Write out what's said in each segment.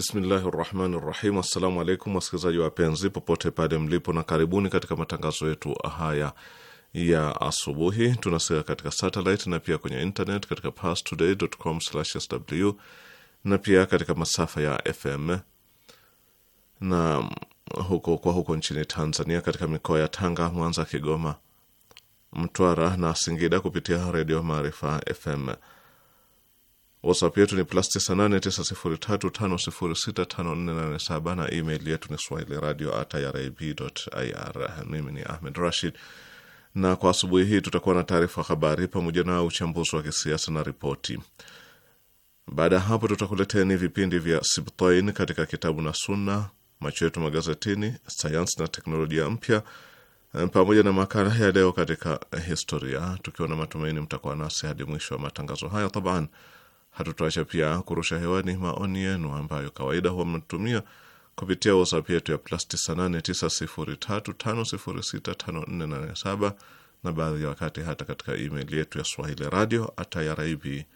Bismillahi rahmani rahim. Assalamu alaikum wasikilizaji wapenzi popote pale mlipo, na karibuni katika matangazo yetu haya ya asubuhi. Tunasika katika satelit na pia kwenye internet katika parstoday.com/sw na pia katika masafa ya FM na huko kwa huko nchini Tanzania, katika mikoa ya Tanga, Mwanza, Kigoma, Mtwara na Singida kupitia redio Maarifa FM. WhatsApp yetu ni plus 989035065487 na email yetu ni swahili radio at irib.ir. Mimi ni Ahmed Rashid, na kwa asubuhi hii tutakuwa na taarifa habari pamoja na uchambuzi wa kisiasa na ripoti. Baada ya hapo, ni vipindi vya Sibtain katika kitabu na Sunna, macho yetu magazetini, sayansi na teknolojia mpya pamoja na makala ya leo katika historia, tukiwa na matumaini mtakuwa nasi hadi mwisho wa matangazo haya taban Hatutoacha pia kurusha hewani maoni yenu ambayo kawaida huwa mnatumia kupitia WhatsApp yetu ya plus 989035065487 na baadhi ya wakati hata katika email yetu ya swahili radio at irib.ir.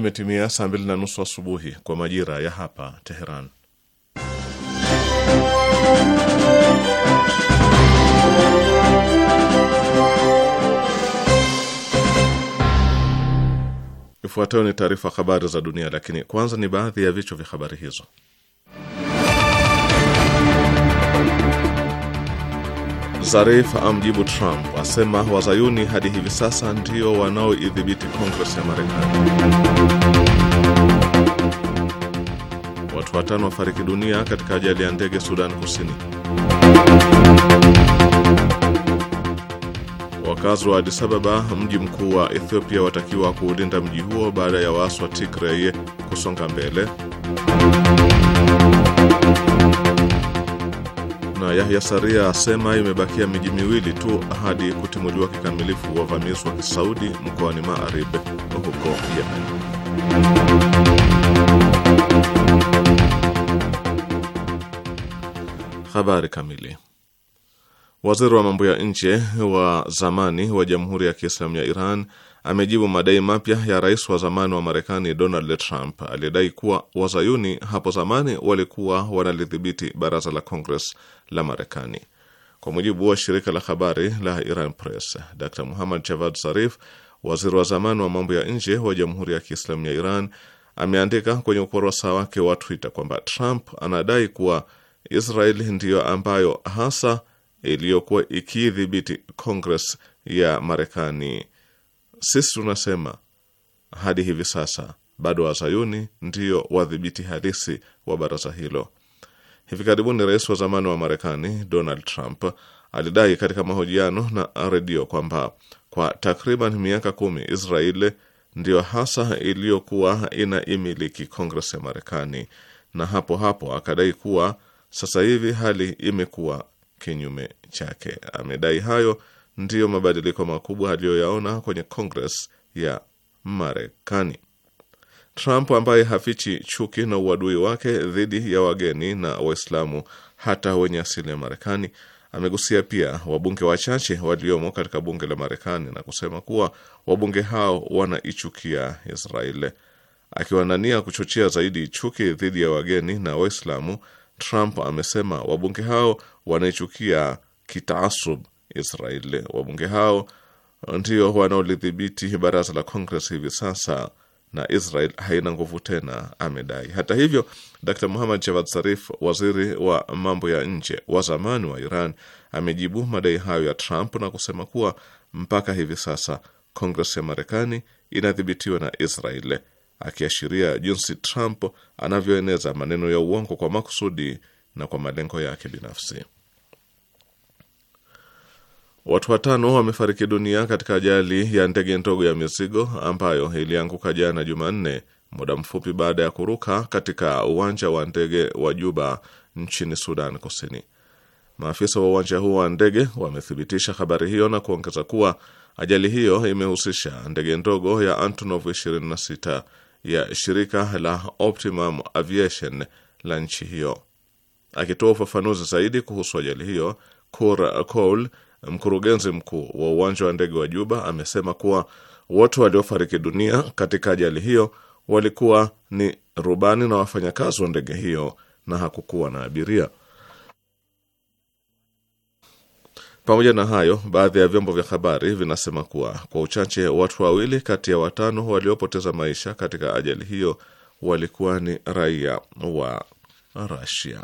imetimia saa mbili na nusu asubuhi kwa majira ya hapa Teheran. Ifuatayo ni taarifa habari za dunia, lakini kwanza ni baadhi ya vichwa vya habari hizo. Zarif amjibu Trump asema wazayuni hadi hivi sasa ndio wanaoidhibiti Kongres ya Marekani. Watu watano wafariki dunia katika ajali ya ndege Sudan Kusini. Wakazi wa Addis Ababa, mji mkuu wa Ethiopia, watakiwa kuulinda mji huo baada ya waasi wa Tigray kusonga mbele. Na Yahya Saria asema imebakia miji miwili tu hadi kutimuliwa kikamilifu wavamizi wa Kisaudi mkoani Maarib huko Yemen. Habari kamili. Waziri wa mambo ya nje wa zamani wa Jamhuri ya Kiislamu ya Iran amejibu madai mapya ya rais wa zamani wa Marekani Donald Trump aliyedai kuwa wazayuni hapo zamani walikuwa wanalidhibiti baraza la kongress la Marekani. Kwa mujibu wa shirika la habari la Iran Press, Dr Muhammad Javad Zarif, waziri wa zamani wa mambo ya nje wa Jamhuri ya Kiislamu ya Iran, ameandika kwenye ukurasa wake wa Twitter kwamba Trump anadai kuwa Israel ndiyo ambayo hasa iliyokuwa ikiidhibiti kongres ya Marekani. Sisi tunasema hadi hivi sasa bado wazayuni ndiyo wadhibiti halisi wa baraza hilo. Hivi karibuni rais wa zamani wa Marekani Donald Trump alidai katika mahojiano na redio kwamba kwa takriban miaka kumi Israeli ndiyo hasa iliyokuwa inaimiliki Kongres ya Marekani, na hapo hapo akadai kuwa sasa hivi hali imekuwa kinyume chake. Amedai hayo ndiyo mabadiliko makubwa aliyoyaona kwenye Kongres ya Marekani. Trump ambaye hafichi chuki na uadui wake dhidi ya wageni na Waislamu hata wenye asili ya Marekani amegusia pia wabunge wachache waliomo katika bunge la Marekani na kusema kuwa wabunge hao wanaichukia Israeli, akiwa na nia kuchochea zaidi chuki dhidi ya wageni na Waislamu Trump amesema wabunge hao wanaichukia kitaasub Israeli. Wabunge hao ndio wanaolidhibiti baraza la Congress hivi sasa na Israel haina nguvu tena, amedai. Hata hivyo, Dr Muhammad Javad Zarif, waziri wa mambo ya nje wa zamani wa Iran, amejibu madai hayo ya Trump na kusema kuwa mpaka hivi sasa Kongres ya Marekani inadhibitiwa na israel akiashiria jinsi Trump anavyoeneza maneno ya uongo kwa makusudi na kwa malengo yake binafsi. Watu watano wamefariki dunia katika ajali ya ndege ndogo ya mizigo ambayo ilianguka jana Jumanne, muda mfupi baada ya kuruka katika uwanja wa ndege wa Juba nchini Sudan Kusini. Maafisa wa uwanja huo wa ndege wamethibitisha habari hiyo na kuongeza kuwa ajali hiyo imehusisha ndege ndogo ya Antonov ya shirika la Optimum Aviation la nchi hiyo. Akitoa ufafanuzi zaidi kuhusu ajali hiyo, kur Cole, mkurugenzi mkuu wa uwanja wa ndege wa Juba, amesema kuwa watu waliofariki dunia katika ajali hiyo walikuwa ni rubani na wafanyakazi wa ndege hiyo na hakukuwa na abiria. Pamoja na hayo, baadhi ya vyombo vya habari vinasema kuwa kwa uchache watu wawili kati ya watano waliopoteza maisha katika ajali hiyo walikuwa ni raia wa Rasia.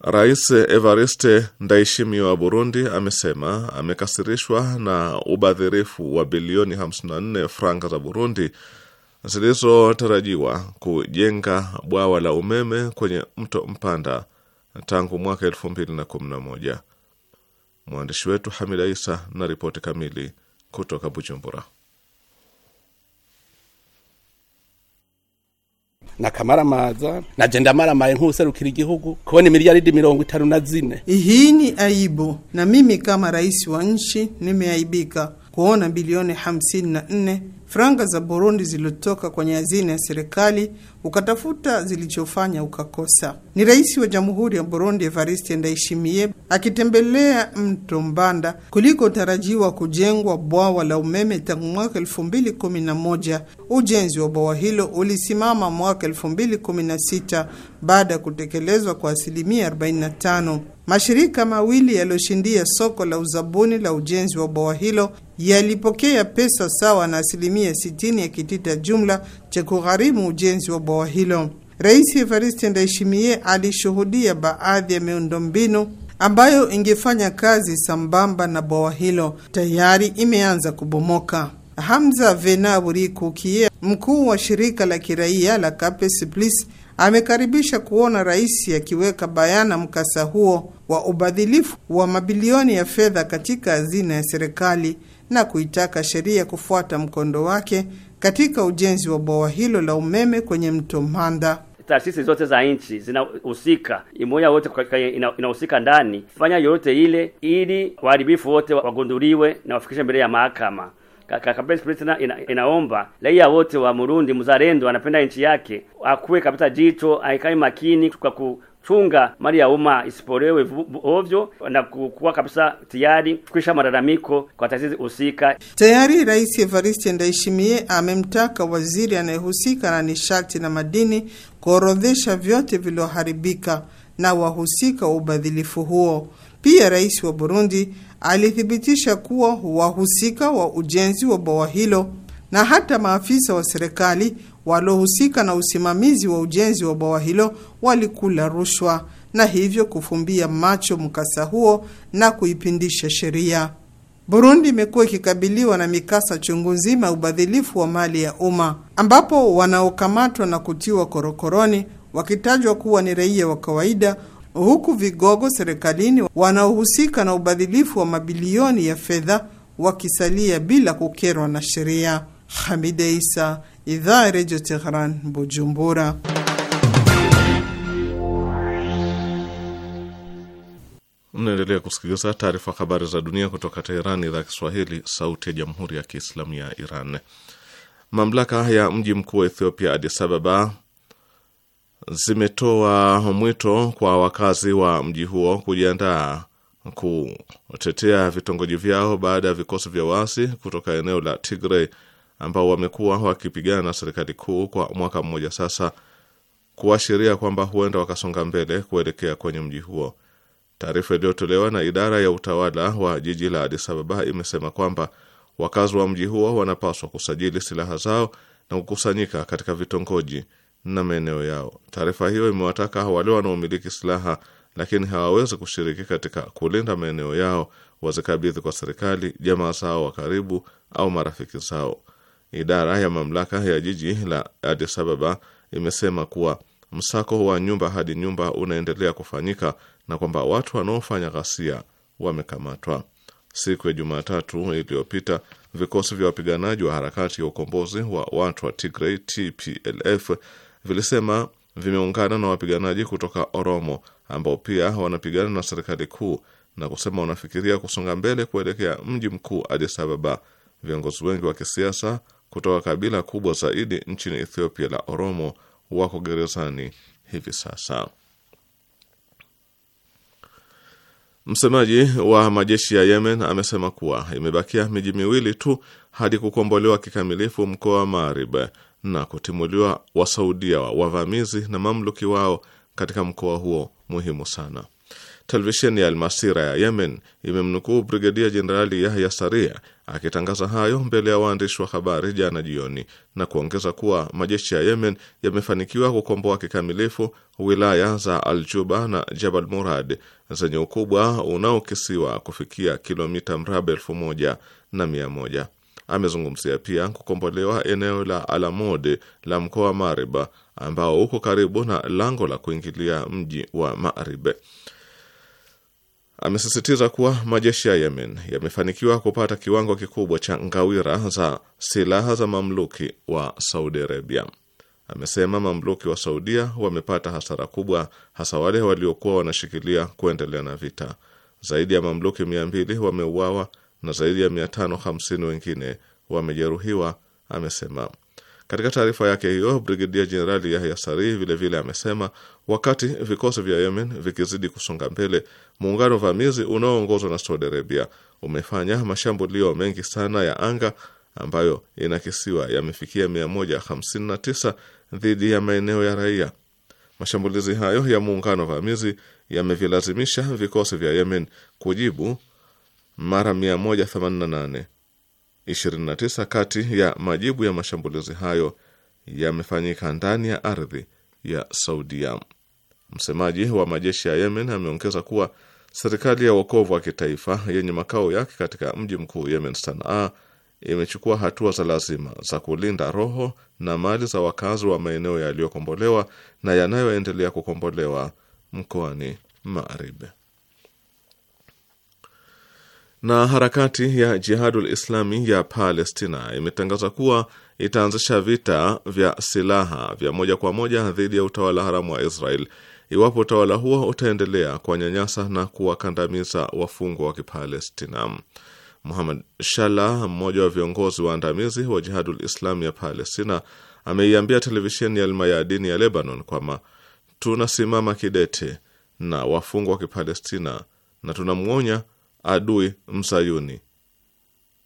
Rais Evariste Ndayishimiye wa Burundi amesema amekasirishwa na ubadhirifu wa bilioni 54 franka za Burundi zilizotarajiwa kujenga bwawa la umeme kwenye mto Mpanda tangu mwaka elfu mbili na na kumi moja. Mwandishi wetu Hamida Isa na ripoti kamili kutoka Bujumbura. na kamara maza na jenda mara maye nk'userukira igihugu kubona miliyaridi mirongo itanu na zine. Hii ni aibu, na mimi kama rais wa nchi nimeaibika kuona bilioni hamsini na nne franga za Burundi zilizotoka kwenye hazina ya serikali ukatafuta zilichofanya ukakosa. Ni rais wa jamhuri ya Burundi Evariste Ndayishimiye akitembelea mto Mbanda kuliko tarajiwa kujengwa bwawa la umeme tangu mwaka elfu mbili kumi na moja. Ujenzi wa bwawa hilo ulisimama mwaka elfu mbili kumi na sita baada ya kutekelezwa kwa asilimia 45. Mashirika mawili yaliyoshindia soko la uzabuni la ujenzi wa bwawa hilo yalipokea pesa sawa na asilimia 60 ya kitita jumla cha kugharimu ujenzi wa bwawa hilo. Rais Evariste Ndayishimiye alishuhudia baadhi ya miundombinu ambayo ingefanya kazi sambamba na bwawa hilo tayari imeanza kubomoka. Hamza Venaburi Kukie, mkuu wa shirika la kiraia la Capes Plis, amekaribisha kuona rais akiweka bayana mkasa huo wa ubadhilifu wa mabilioni ya fedha katika hazina ya serikali na kuitaka sheria kufuata mkondo wake katika ujenzi wa bwawa hilo la umeme kwenye mto Manda. Taasisi zote za nchi zinahusika, imoja wote inahusika ndani fanya yoyote ile, ili waharibifu wote wagunduliwe na wafikishe mbele ya mahakama. Kakapresina ina, inaomba raia wote wa Murundi mzalendo, anapenda nchi yake, akuwe kabisa jicho, aikae makini kwa chunga mali ya umma isipolewe ovyo na kuwa kabisa tayari kuisha malalamiko kwa taasisi husika. Tayari Rais Evariste Ndayishimiye amemtaka waziri anayehusika na nishati na madini kuorodhesha vyote vilivyoharibika na wahusika wa ubadhilifu huo. Pia rais wa Burundi alithibitisha kuwa wahusika wa ujenzi wa bwawa hilo na hata maafisa wa serikali walohusika na usimamizi wa ujenzi wa bwawa hilo walikula rushwa na hivyo kufumbia macho mkasa huo na kuipindisha sheria. Burundi imekuwa ikikabiliwa na mikasa chungu nzima ya ubadhilifu wa mali ya umma ambapo wanaokamatwa na kutiwa korokoroni wakitajwa kuwa ni raia wa kawaida, huku vigogo serikalini wanaohusika na ubadhilifu wa mabilioni ya fedha wakisalia bila kukerwa na sheria. Hamide Isa, idhaa Radio Tehran, Bujumbura. Mnaendelea kusikiliza taarifa habari za dunia kutoka Teherani, idhaa ya Kiswahili, sauti ya jamhuri ya kiislamu ya Iran. Mamlaka ya mji mkuu wa Ethiopia, Addis Ababa, zimetoa mwito kwa wakazi wa mji huo kujiandaa kutetea vitongoji vyao baada ya vikosi vya waasi kutoka eneo la Tigray ambao wamekuwa wakipigana na serikali kuu kwa mwaka mmoja sasa, kuashiria kwamba huenda wakasonga mbele kuelekea kwenye mji huo. Taarifa iliyotolewa na idara ya utawala wa jiji la Addis Ababa imesema kwamba wakazi wa mji huo wanapaswa kusajili silaha zao na kukusanyika katika vitongoji na maeneo yao. Taarifa hiyo imewataka wale wanaomiliki silaha lakini hawawezi kushiriki katika kulinda maeneo yao wazikabidhi kwa serikali jamaa zao wa karibu au marafiki zao. Idara ya mamlaka ya jiji la Addis Ababa imesema kuwa msako wa nyumba hadi nyumba unaendelea kufanyika na kwamba watu wanaofanya ghasia wamekamatwa. Siku ya Jumatatu iliyopita vikosi vya wapiganaji wa harakati ya ukombozi wa watu wa Tigray TPLF vilisema vimeungana na wapiganaji kutoka Oromo ambao pia wanapigana na serikali kuu na kusema wanafikiria kusonga mbele kuelekea mji mkuu Addis Ababa. Viongozi wengi wa kisiasa kutoka kabila kubwa zaidi nchini Ethiopia la Oromo wako gerezani hivi sasa. Msemaji wa majeshi ya Yemen amesema kuwa imebakia miji miwili tu hadi kukombolewa kikamilifu mkoa wa Marib na kutimuliwa wasaudia wavamizi na mamluki wao katika mkoa huo muhimu sana. Televisheni ya Almasira ya Yemen imemnukuu Brigedia Jenerali Yahya Saria Akitangaza hayo mbele ya waandishi wa habari jana jioni, na kuongeza kuwa majeshi ya Yemen yamefanikiwa kukomboa kikamilifu wilaya za al juba na Jabal Murad zenye ukubwa unaokisiwa kufikia kilomita mraba elfu moja na mia moja. Amezungumzia pia kukombolewa eneo la Alamod la mkoa wa Mariba ambao uko karibu na lango la kuingilia mji wa Maribe amesisitiza kuwa majeshi ya Yemen yamefanikiwa kupata kiwango kikubwa cha ngawira za silaha za mamluki wa Saudi Arabia. Amesema mamluki wa Saudia wamepata hasara kubwa, hasa wale waliokuwa wanashikilia kuendelea na vita. Zaidi ya mamluki 200 wameuawa na zaidi ya 550 wengine wamejeruhiwa, amesema. Katika taarifa yake hiyo, Brigedia Jenerali Yahya Sari vilevile amesema wakati vikosi vya Yemen vikizidi kusonga mbele, muungano vamizi unaoongozwa na Saudi Arabia umefanya mashambulio mengi sana ya anga ambayo inakisiwa yamefikia 159 dhidi ya maeneo ya raia. Mashambulizi hayo ya muungano vamizi yamevilazimisha vikosi vya Yemen kujibu mara 188 29 kati ya majibu ya mashambulizi hayo yamefanyika ndani ya ardhi ya Saudia. Msemaji wa majeshi ya Yemen ameongeza kuwa serikali ya wokovu wa kitaifa yenye makao yake katika mji mkuu Yemen, Sanaa, imechukua hatua za lazima za kulinda roho na mali za wakazi wa maeneo yaliyokombolewa na yanayoendelea kukombolewa mkoani Magharibi. Na harakati ya Jihadul Islami ya Palestina imetangaza kuwa itaanzisha vita vya silaha vya moja kwa moja dhidi ya utawala haramu wa Israel iwapo utawala huo utaendelea kuwanyanyasa na kuwakandamiza wafungwa wa Kipalestina. Muhammad Shala, mmoja wa viongozi waandamizi wa Jihadul Islami ya Palestina, ameiambia televisheni ya Almayadini ya Lebanon kwamba tunasimama kidete na wafungwa wa Kipalestina na tunamwonya adui msayuni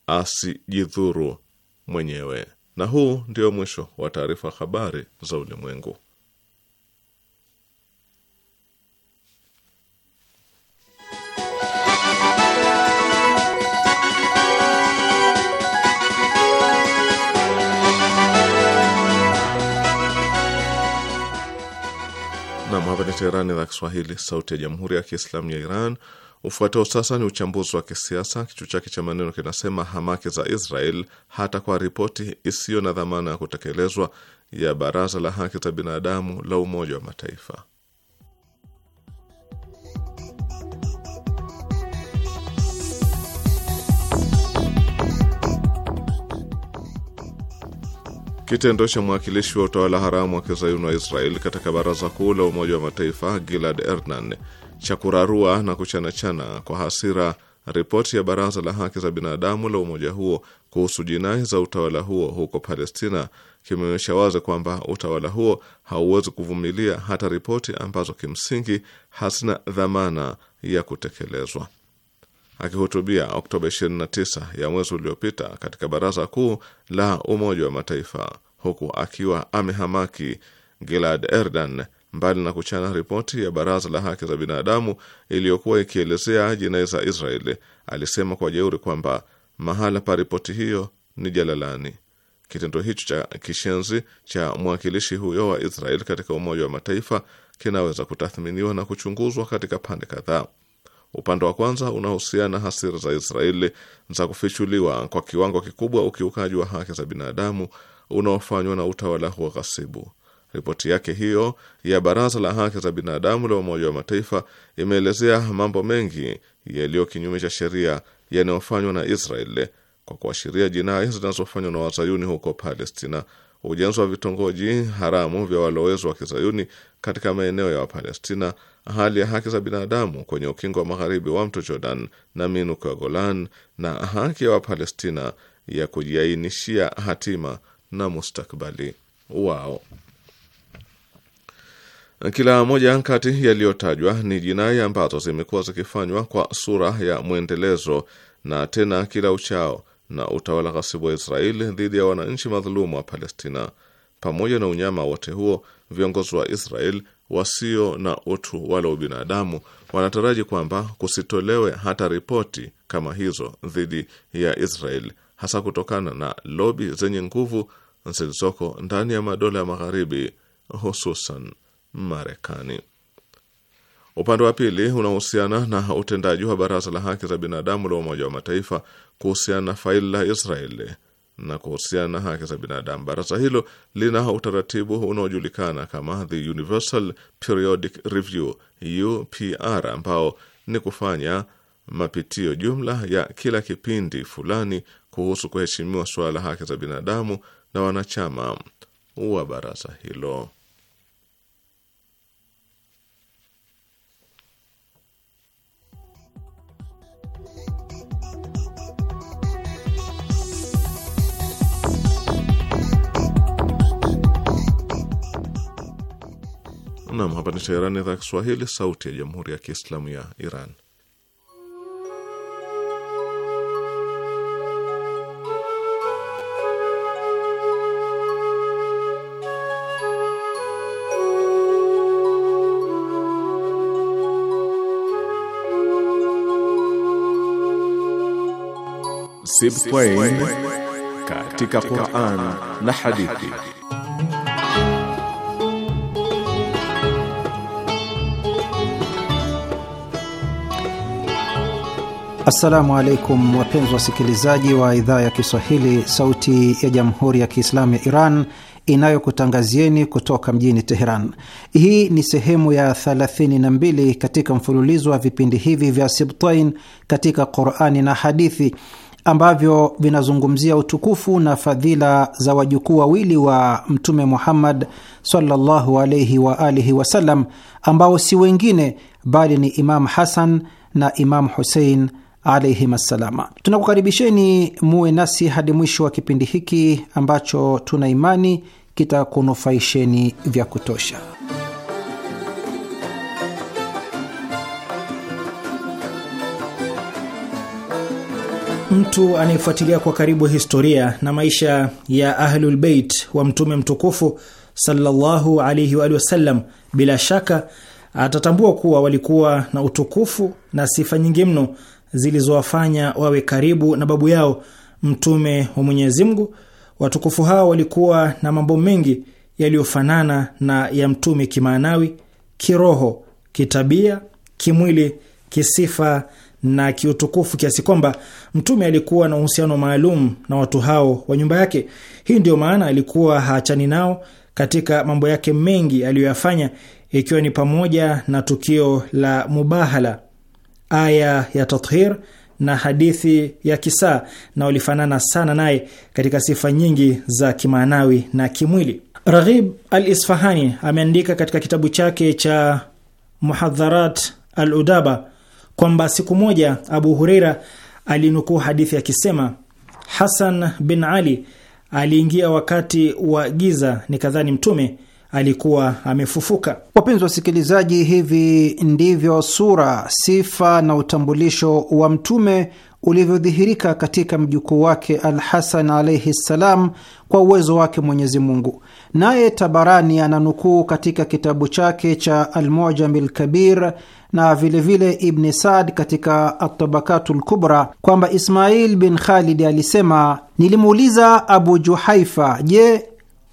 asijidhuru mwenyewe. Na huu ndio mwisho wa taarifa habari za ulimwengu. Nam, hapa ni Teherani, idhaa Kiswahili, sauti ya jamhuri ya kiislamu ya Iran. Ufuatao sasa ni uchambuzi wa kisiasa, kichwa chake cha maneno kinasema hamaki za Israel hata kwa ripoti isiyo na dhamana ya kutekelezwa ya Baraza la Haki za Binadamu la Umoja wa Mataifa. Kitendo cha mwakilishi wa utawala haramu wa kizayuni wa Israel katika Baraza Kuu la Umoja wa Mataifa Gilad ernan cha kurarua na kuchanachana kwa hasira ripoti ya Baraza la Haki za Binadamu la umoja huo kuhusu jinai za utawala huo huko Palestina kimeonyesha wazi kwamba utawala huo hauwezi kuvumilia hata ripoti ambazo kimsingi hazina dhamana ya kutekelezwa. Akihutubia Oktoba 29 ya mwezi uliopita katika Baraza Kuu la Umoja wa Mataifa huku akiwa amehamaki, Gilad Erdan mbali na kuchana ripoti ya Baraza la Haki za Binadamu iliyokuwa ikielezea jinai za Israeli, alisema kwa jeuri kwamba mahala pa ripoti hiyo ni jalalani. Kitendo hicho cha kishenzi cha mwakilishi huyo wa israel katika Umoja wa Mataifa kinaweza kutathminiwa na kuchunguzwa katika pande kadhaa. Upande wa kwanza unahusiana hasira za Israeli za kufichuliwa kwa kiwango kikubwa ukiukaji wa haki za binadamu unaofanywa na utawala huo ghasibu. Ripoti yake hiyo ya Baraza la Haki za Binadamu la Umoja wa Mataifa imeelezea mambo mengi yaliyo kinyume cha sheria yanayofanywa na Israel kwa kuashiria jinai zinazofanywa na wazayuni huko Palestina, ujenzi wa vitongoji haramu vya walowezi wa kizayuni katika maeneo ya Wapalestina, hali ya haki za binadamu kwenye ukingo wa magharibi wa mto Jordan na miinuko ya Golan, na haki ya Wapalestina ya kujiainishia hatima na mustakbali wao. Kila moja kati yaliyotajwa ni jinai ambazo zimekuwa zikifanywa kwa sura ya mwendelezo na tena kila uchao na utawala ghasibu wa Israeli dhidi ya wananchi madhulumu wa Palestina. Pamoja na unyama wote huo, viongozi wa israel wasio na utu wala ubinadamu wanataraji kwamba kusitolewe hata ripoti kama hizo dhidi ya israel hasa kutokana na lobi zenye nguvu zilizoko ndani ya madola ya Magharibi, hususan Marekani. Upande wa pili unahusiana na utendaji wa Baraza la Haki za Binadamu la Umoja wa Mataifa kuhusiana na faili la Israeli na kuhusiana na haki za binadamu. Baraza hilo lina utaratibu unaojulikana kama the Universal Periodic Review UPR, ambao ni kufanya mapitio jumla ya kila kipindi fulani kuhusu kuheshimiwa suala la haki za binadamu na wanachama wa baraza hilo. Nam, hapa ni Teherani, idhaa Kiswahili, sauti ya jamhuri ya kiislamu ya Iran. Sibtain katika Quran na hadithi Assalamu alaikum wapenzi wasikilizaji wa idhaa ya Kiswahili, Sauti ya Jamhuri ya Kiislamu ya Iran inayokutangazieni kutoka mjini Teheran. Hii ni sehemu ya 32 katika mfululizo wa vipindi hivi vya Sibtain katika Qurani na hadithi ambavyo vinazungumzia utukufu na fadhila za wajukuu wawili wa Mtume Muhammad sallallahu alaihi wa alihi wasallam ambao si wengine bali ni Imam Hasan na Imam Husein alaihim assalama. Tunakukaribisheni muwe nasi hadi mwisho wa kipindi hiki ambacho tuna imani kitakunufaisheni vya kutosha. Mtu anayefuatilia kwa karibu historia na maisha ya Ahlulbeit wa Mtume mtukufu sallallahu alaihi wa wasallam, bila shaka atatambua kuwa walikuwa na utukufu na sifa nyingi mno zilizowafanya wawe karibu na babu yao Mtume wa Mwenyezi Mungu. Watukufu hao walikuwa na mambo mengi yaliyofanana na ya mtume kimaanawi, kiroho, kitabia, kimwili, kisifa na kiutukufu, kiasi kwamba mtume alikuwa na uhusiano maalum na watu hao wa nyumba yake. Hii ndiyo maana alikuwa haachani nao katika mambo yake mengi aliyoyafanya, ikiwa ni pamoja na tukio la Mubahala aya ya tathir na hadithi ya kisaa na walifanana sana naye katika sifa nyingi za kimaanawi na kimwili. Raghib al-Isfahani ameandika katika kitabu chake cha Muhadharat al-Udaba kwamba siku moja Abu Huraira alinukuu hadithi akisema, Hasan bin Ali aliingia wakati wa giza, nikadhani Mtume alikuwa amefufuka. Wapenzi wa wasikilizaji, hivi ndivyo sura, sifa na utambulisho wa mtume ulivyodhihirika katika mjukuu wake Alhasan alaihi ssalam kwa uwezo wake Mwenyezi Mungu. Naye Tabarani ananukuu katika kitabu chake cha Almujami Lkabir na vilevile Ibni Saad katika Atabakatu Lkubra kwamba Ismail bin Khalidi alisema, nilimuuliza Abu Juhaifa, je,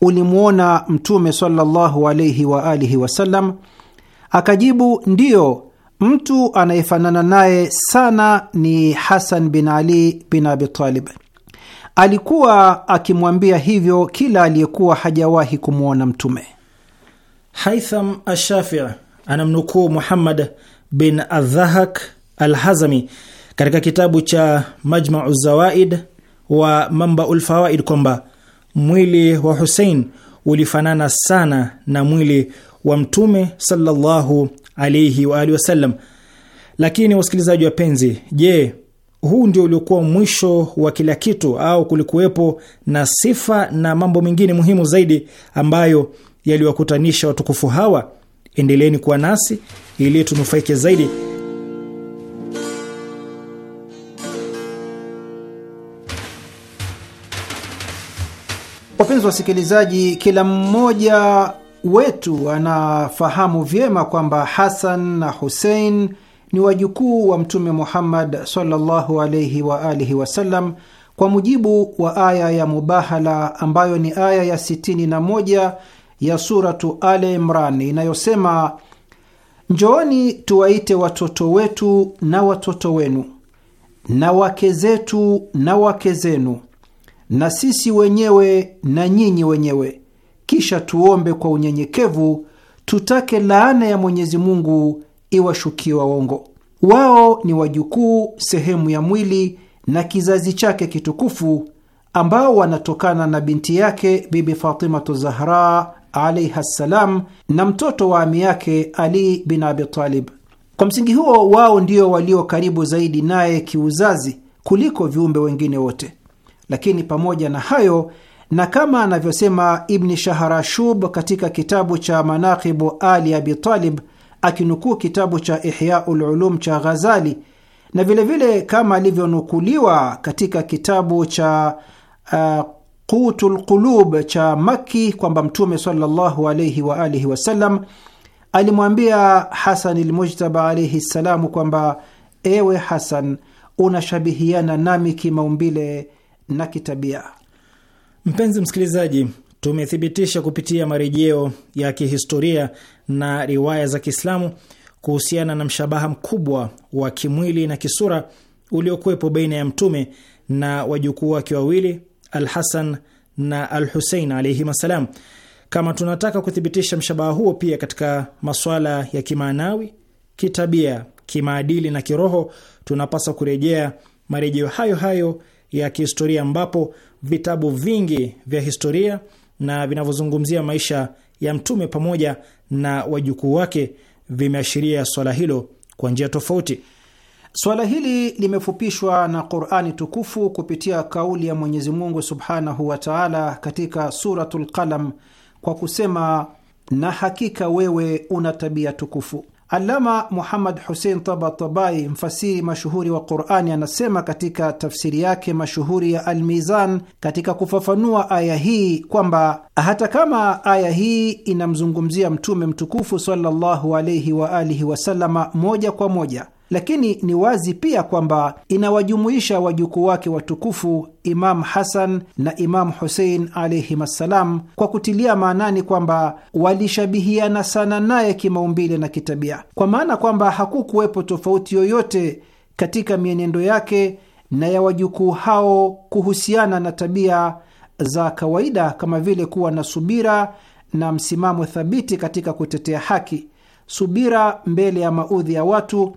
ulimwona Mtume sallallahu alaihi wa alihi wasallam? Akajibu, ndiyo, mtu anayefanana naye sana ni Hasan bin Ali bin abitalib Alikuwa akimwambia hivyo kila aliyekuwa hajawahi kumwona Mtume. Haitham Ashafii anamnukuu Muhammad bin Adhahak Alhazami katika kitabu cha Majmau Zawaid wa mambaulfawaid kwamba mwili wa Hussein ulifanana sana na mwili wa Mtume sallallahu alaihi wa alihi wasallam. Lakini wasikilizaji wapenzi, je, huu ndio uliokuwa mwisho wa kila kitu au kulikuwepo na sifa na mambo mengine muhimu zaidi ambayo yaliwakutanisha watukufu hawa? Endeleeni kuwa nasi ili tunufaike zaidi Wapenzi wasikilizaji, kila mmoja wetu anafahamu vyema kwamba Hasan na Husein ni wajukuu wa Mtume Muhammad sallallahu alaihi wa alihi wasallam kwa mujibu wa aya ya mubahala ambayo ni aya ya 61 ya suratu Ale Imran inayosema, njooni tuwaite watoto wetu na watoto wenu na wake zetu na wake zenu na sisi wenyewe na nyinyi wenyewe, kisha tuombe kwa unyenyekevu, tutake laana ya Mwenyezi Mungu iwashukie waongo. Wao ni wajukuu, sehemu ya mwili na kizazi chake kitukufu, ambao wanatokana na binti yake Bibi Fatimatu Zahra alaiha ssalam, na mtoto wa ami yake Ali bin Abitalib. Kwa msingi huo, wao ndio walio karibu zaidi naye kiuzazi kuliko viumbe wengine wote. Lakini pamoja na hayo, na kama anavyosema Ibni Shahrashub katika kitabu cha Manaqibu Ali Abi Talib akinukuu kitabu cha Ihyaul Ulum cha Ghazali na vilevile vile kama alivyonukuliwa katika kitabu cha uh, Qutu lqulub cha Makki kwamba Mtume sallallahu alayhi wa alihi wasallam alimwambia Hasan Lmujtaba alaihi ssalamu kwamba ewe Hasan, unashabihiana nami kimaumbile na kitabia. Mpenzi msikilizaji, tumethibitisha kupitia marejeo ya kihistoria na riwaya za Kiislamu kuhusiana na mshabaha mkubwa wa kimwili na kisura uliokuwepo baina ya Mtume na wajukuu wake wawili Al-Hasan na Alhusein husein assalam. Kama tunataka kuthibitisha mshabaha huo pia katika maswala ya kimaanawi, kitabia, kimaadili na kiroho, tunapaswa kurejea marejeo hayo hayo ya kihistoria ambapo vitabu vingi vya historia na vinavyozungumzia maisha ya mtume pamoja na wajukuu wake vimeashiria swala hilo kwa njia tofauti. Swala hili limefupishwa na Qurani tukufu kupitia kauli ya Mwenyezi Mungu subhanahu wa taala katika Suratul Qalam kwa kusema, na hakika wewe una tabia tukufu. Allama Muhammad Hussein Tabatabai, mfasiri mashuhuri wa Qurani, anasema katika tafsiri yake mashuhuri ya Almizan katika kufafanua aya hii kwamba hata kama aya hii inamzungumzia Mtume mtukufu sallallahu alaihi waalihi wasalama moja kwa moja lakini ni wazi pia kwamba inawajumuisha wajukuu wake watukufu Imam Hasan na Imam Husein alaihim assalam, kwa kutilia maanani kwamba walishabihiana sana naye kimaumbile na kitabia, kwa maana kwamba hakukuwepo tofauti yoyote katika mienendo yake na ya wajukuu hao kuhusiana na tabia za kawaida kama vile kuwa na subira na msimamo thabiti katika kutetea haki, subira mbele ya maudhi ya watu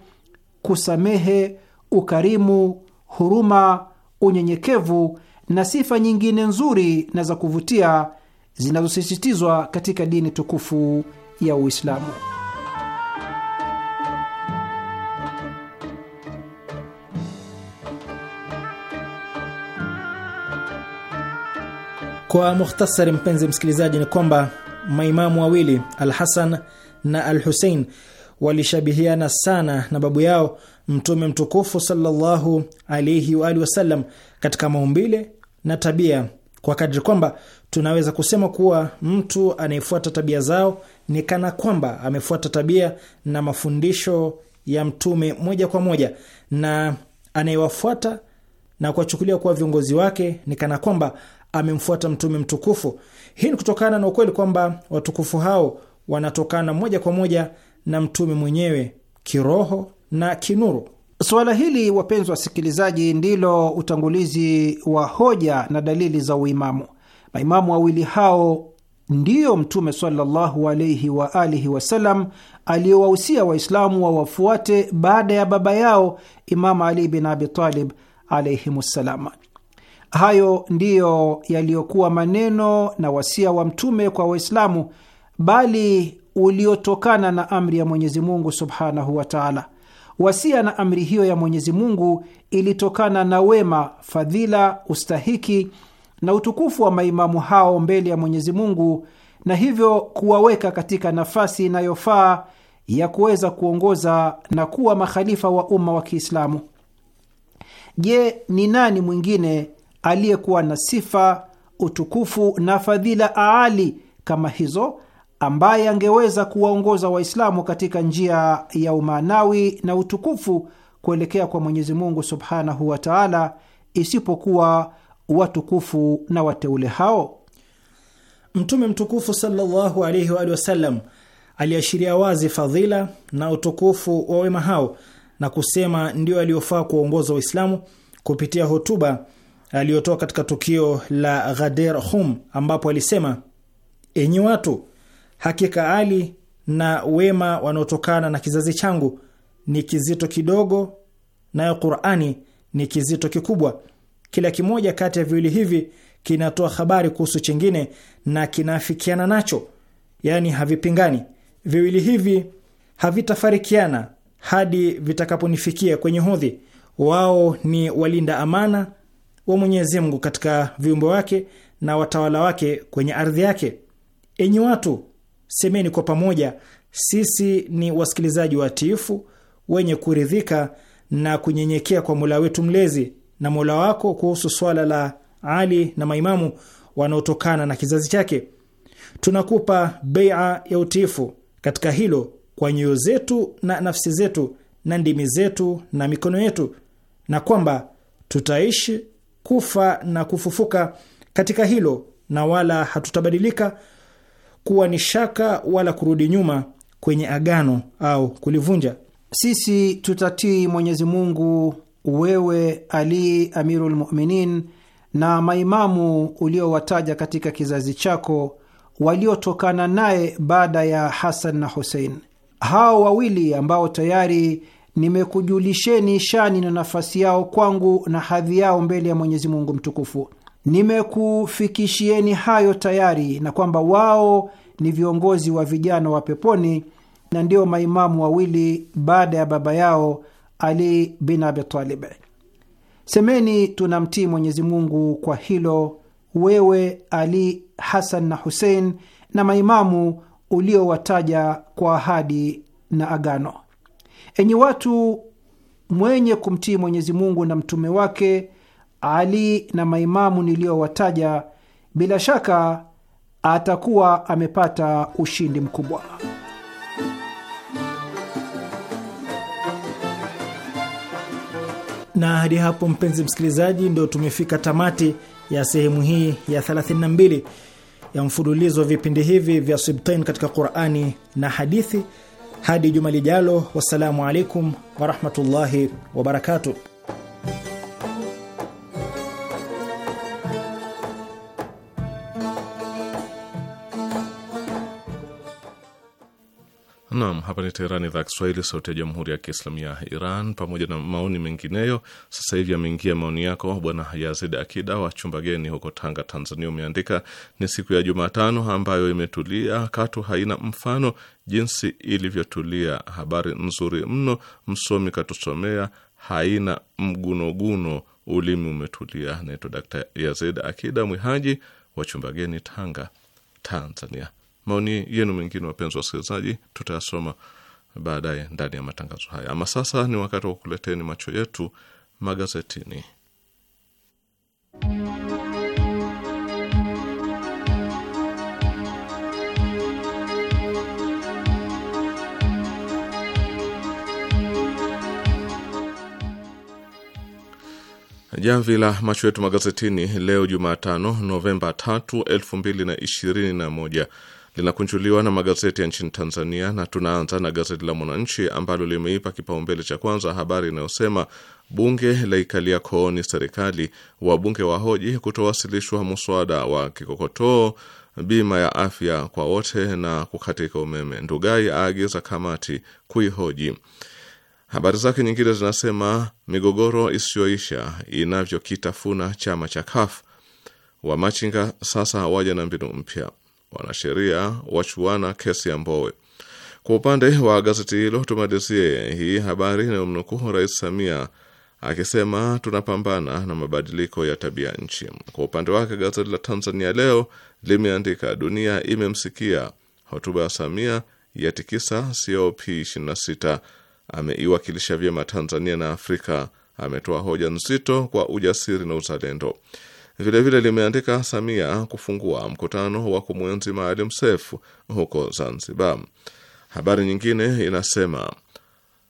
kusamehe, ukarimu, huruma, unyenyekevu na sifa nyingine nzuri na za kuvutia zinazosisitizwa katika dini tukufu ya Uislamu. Kwa mukhtasari, mpenzi msikilizaji, ni kwamba maimamu wawili Al Hasan na Al Husein walishabihiana sana na babu yao Mtume mtukufu sallallahu alaihi wa alihi wasallam katika maumbile na tabia, kwa kadri kwamba tunaweza kusema kuwa mtu anayefuata tabia zao ni kana kwamba amefuata tabia na mafundisho ya Mtume moja kwa moja, na anayewafuata na kuwachukulia kuwa viongozi wake ni kana kwamba amemfuata Mtume mtukufu. Hii ni kutokana na ukweli kwamba watukufu hao wanatokana moja kwa moja na mtume mwenyewe kiroho na kinuru. Suala hili wapenzi wasikilizaji, ndilo utangulizi wa hoja na dalili za uimamu. Maimamu wawili hao ndiyo Mtume sallallahu alaihi wa alihi wasallam aliyowahusia Waislamu wawafuate baada ya baba yao Imamu Ali bin Abitalib alaihimussalam. Hayo ndiyo yaliyokuwa maneno na wasia wa Mtume kwa Waislamu, bali uliotokana na amri ya Mwenyezi Mungu subhanahu wa taala. Wasia na amri hiyo ya Mwenyezi Mungu ilitokana na wema, fadhila, ustahiki na utukufu wa maimamu hao mbele ya Mwenyezi Mungu, na hivyo kuwaweka katika nafasi inayofaa ya kuweza kuongoza na kuwa makhalifa wa umma wa Kiislamu. Je, ni nani mwingine aliyekuwa na sifa, utukufu na fadhila aali kama hizo ambaye angeweza kuwaongoza Waislamu katika njia ya umaanawi na utukufu kuelekea kwa Mwenyezi Mungu subhanahu wa taala, isipokuwa watukufu na wateule hao. Mtume mtukufu sallallahu alaihi wa sallam aliashiria wazi fadhila na utukufu wa wema hao na kusema ndio aliyofaa kuwaongoza Waislamu kupitia hotuba aliyotoa katika tukio la Ghadir Hum, ambapo alisema: enyi watu Hakika Ali na wema wanaotokana na kizazi changu ni kizito kidogo, nayo Qur'ani ni kizito kikubwa. Kila kimoja kati ya viwili hivi kinatoa habari kuhusu chingine na kinaafikiana nacho, yaani havipingani. Viwili hivi havitafarikiana hadi vitakaponifikia kwenye hodhi. Wao ni walinda amana wa Mwenyezi Mungu katika viumbe wake na watawala wake kwenye ardhi yake. Enyi watu, Semeni kwa pamoja, sisi ni wasikilizaji watiifu wenye kuridhika na kunyenyekea kwa Mola wetu mlezi na Mola wako kuhusu swala la Ali na maimamu wanaotokana na kizazi chake. Tunakupa beia ya utiifu katika hilo kwa nyoyo zetu na nafsi zetu na ndimi zetu na mikono yetu, na kwamba tutaishi kufa na kufufuka katika hilo, na wala hatutabadilika kuwa ni shaka wala kurudi nyuma kwenye agano au kulivunja. Sisi tutatii Mwenyezi Mungu, wewe Ali Amirul Muminin, na maimamu uliowataja katika kizazi chako waliotokana naye baada ya Hasan na Husein, hao wawili ambao tayari nimekujulisheni shani na nafasi yao kwangu na hadhi yao mbele ya Mwenyezi Mungu mtukufu nimekufikishieni hayo tayari, na kwamba wao ni viongozi wa vijana wa peponi na ndio maimamu wawili baada ya baba yao Ali bin Abi Talib. Semeni, tunamtii Mwenyezi Mungu kwa hilo, wewe Ali, Hasan na Husein na maimamu uliowataja kwa ahadi na agano. Enyi watu, mwenye kumtii Mwenyezi Mungu na mtume wake ali na maimamu niliyowataja, bila shaka atakuwa amepata ushindi mkubwa. Na hadi hapo, mpenzi msikilizaji, ndio tumefika tamati ya sehemu hii ya 32 ya mfululizo wa vipindi hivi vya Sibtain katika Qurani na hadithi. Hadi juma lijalo, wassalamu alaikum warahmatullahi wabarakatuh. Hapa ni Teherani, idhaa Kiswahili, sauti ya jamhuri ya kiislamu ya Iran. Pamoja na maoni mengineyo, sasa hivi ameingia maoni yako bwana Yazid Akida wa chumba geni huko Tanga, Tanzania. Umeandika, ni siku ya Jumatano ambayo imetulia katu, haina mfano jinsi ilivyotulia. Habari nzuri mno, msomi katusomea, haina mgunoguno, ulimi umetulia. Naitwa Dkt Yazid Akida Mwihaji wa chumba geni, Tanga, Tanzania. Maoni yenu mengine, wapenzi wasikilizaji, tutayasoma baadaye ndani ya matangazo haya. Ama sasa ni wakati wa kukuleteni macho yetu magazetini. Jamvi la macho yetu magazetini leo Jumatano Novemba tatu elfu mbili na ishirini na moja linakunjuliwa na magazeti ya nchini Tanzania, na tunaanza na gazeti la Mwananchi ambalo limeipa kipaumbele cha kwanza habari inayosema bunge la ikalia kooni serikali, wabunge wahoji kutowasilishwa muswada wa kikokotoo bima ya afya kwa wote na kukatika umeme. Ndugai aagiza kamati kuihoji. Habari zake nyingine zinasema migogoro isiyoisha inavyokitafuna chama cha kaf wamachinga sasa waja na mbinu mpya wanasheria wachuana kesi ya Mbowe. Kwa upande wa gazeti hilo, tumalizie hii habari inayomnukuu Rais Samia akisema tunapambana na mabadiliko ya tabia nchi. Kwa upande wake, gazeti la Tanzania Leo limeandika dunia imemsikia, hotuba ya Samia yatikisa COP 26, ameiwakilisha vyema Tanzania na Afrika, ametoa hoja nzito kwa ujasiri na uzalendo. Vilevile limeandika Samia kufungua mkutano wa kumwenzi Maalim Seif huko Zanzibar. Habari nyingine inasema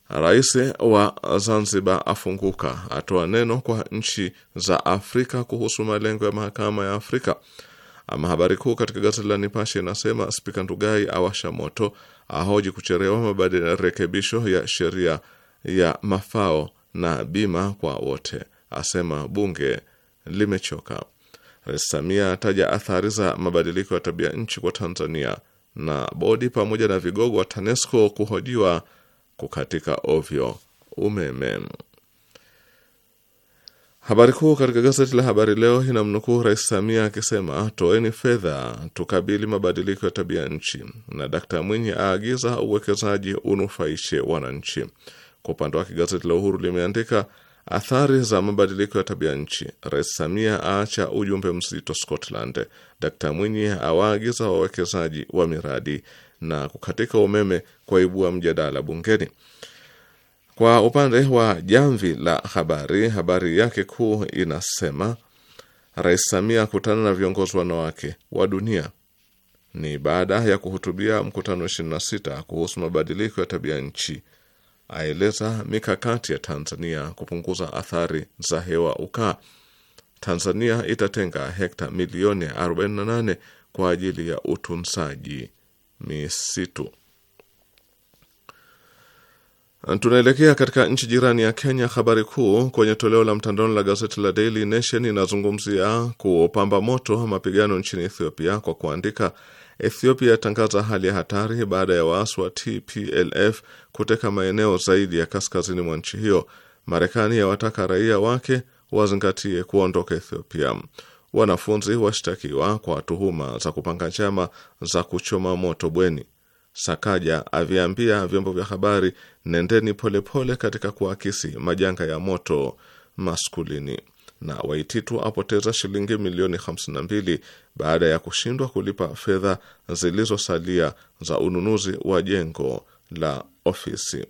Rais wa Zanzibar afunguka, atoa neno kwa nchi za Afrika kuhusu malengo ya mahakama ya Afrika. Ama habari kuu katika gazeti la Nipashe inasema Spika Ndugai awasha moto, ahoji kucherewa rekebisho ya sheria ya mafao na bima kwa wote, asema bunge limechoka. Rais Samia ataja athari za mabadiliko ya tabia nchi kwa Tanzania, na bodi pamoja na vigogo wa TANESCO kuhojiwa kukatika ovyo umeme. Habari kuu katika gazeti la Habari Leo inamnukuu Rais Samia akisema toeni fedha tukabili mabadiliko ya tabia nchi, na Dkt Mwinyi aagiza uwekezaji unufaishe wananchi. Kwa upande wake gazeti la Uhuru limeandika athari za mabadiliko ya tabia nchi. Rais Samia aacha ujumbe mzito Scotland. Dkt Mwinyi awaagiza wawekezaji wa miradi, na kukatika umeme kwaibua mjadala bungeni. Kwa upande wa Jamvi la Habari, habari yake kuu inasema Rais Samia akutana na viongozi wanawake wa dunia. Ni baada ya kuhutubia mkutano 26 kuhusu mabadiliko ya tabia nchi aeleza mikakati ya Tanzania kupunguza athari za hewa ukaa. Tanzania itatenga hekta milioni 48 kwa ajili ya utunzaji misitu. Tunaelekea katika nchi jirani ya Kenya. Habari kuu kwenye toleo la mtandaoni la gazeti la Daily Nation inazungumzia kupamba moto mapigano nchini Ethiopia kwa kuandika Ethiopia yatangaza hali ya hatari baada ya waasi wa TPLF kuteka maeneo zaidi ya kaskazini mwa nchi hiyo. Marekani yawataka raia wake wazingatie kuondoka Ethiopia. Wanafunzi washtakiwa kwa tuhuma za kupanga njama za kuchoma moto bweni. Sakaja aviambia vyombo vya habari, nendeni polepole katika kuakisi majanga ya moto maskulini na Waititu apoteza shilingi milioni 52 baada ya kushindwa kulipa fedha zilizosalia za ununuzi wa jengo la ofisi.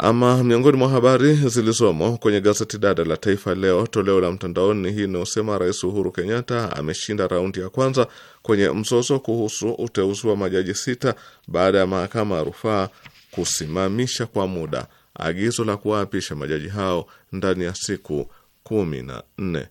Ama miongoni mwa habari zilizomo kwenye gazeti dada la Taifa Leo toleo la mtandaoni hii inayosema Rais Uhuru Kenyatta ameshinda raundi ya kwanza kwenye mzozo kuhusu uteuzi wa majaji sita baada ya mahakama ya rufaa kusimamisha kwa muda agizo la kuwaapisha majaji hao ndani ya siku kumi na nne.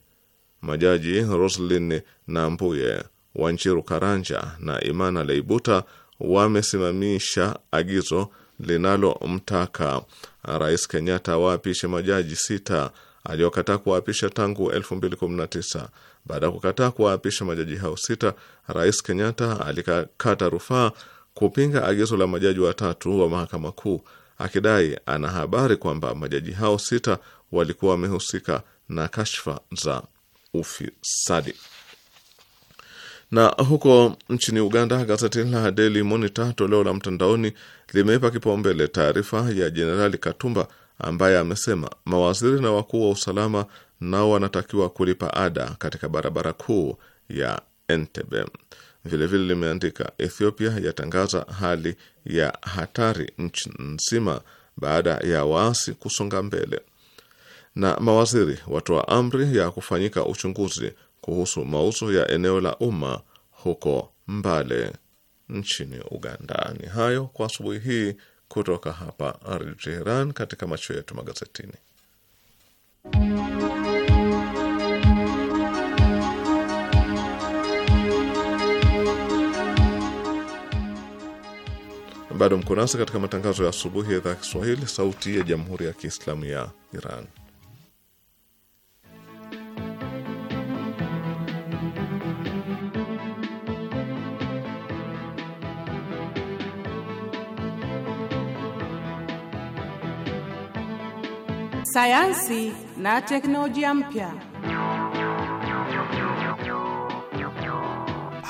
Majaji Roslin na Mbuye wa Karanja na Imana Leibuta wamesimamisha agizo linalomtaka Rais Kenyatta waapishe majaji sita aliyokataa kuwaapisha tangu 2019. Baada ya kukataa kuwaapisha majaji hao sita, Rais Kenyatta alikata rufaa kupinga agizo la majaji watatu wa mahakama kuu akidai ana habari kwamba majaji hao sita walikuwa wamehusika na kashfa za ufisadi. Na huko nchini Uganda, gazeti la Daily Monitor toleo la mtandaoni limeipa kipaumbele taarifa ya Jenerali Katumba ambaye amesema mawaziri na wakuu wa usalama nao wanatakiwa kulipa ada katika barabara kuu ya Entebbe. Vilevile limeandika Ethiopia yatangaza hali ya hatari nchi nzima baada ya waasi kusonga mbele, na mawaziri watoa amri ya kufanyika uchunguzi kuhusu mauzo ya eneo la umma huko Mbale nchini Uganda. Ni hayo kwa asubuhi hii kutoka hapa Teheran, katika macho yetu magazetini. bado mko nasi katika matangazo ya asubuhi ya idhaa ya Kiswahili, Sauti ya Jamhuri ya Kiislamu ya Iran. Sayansi na teknolojia mpya.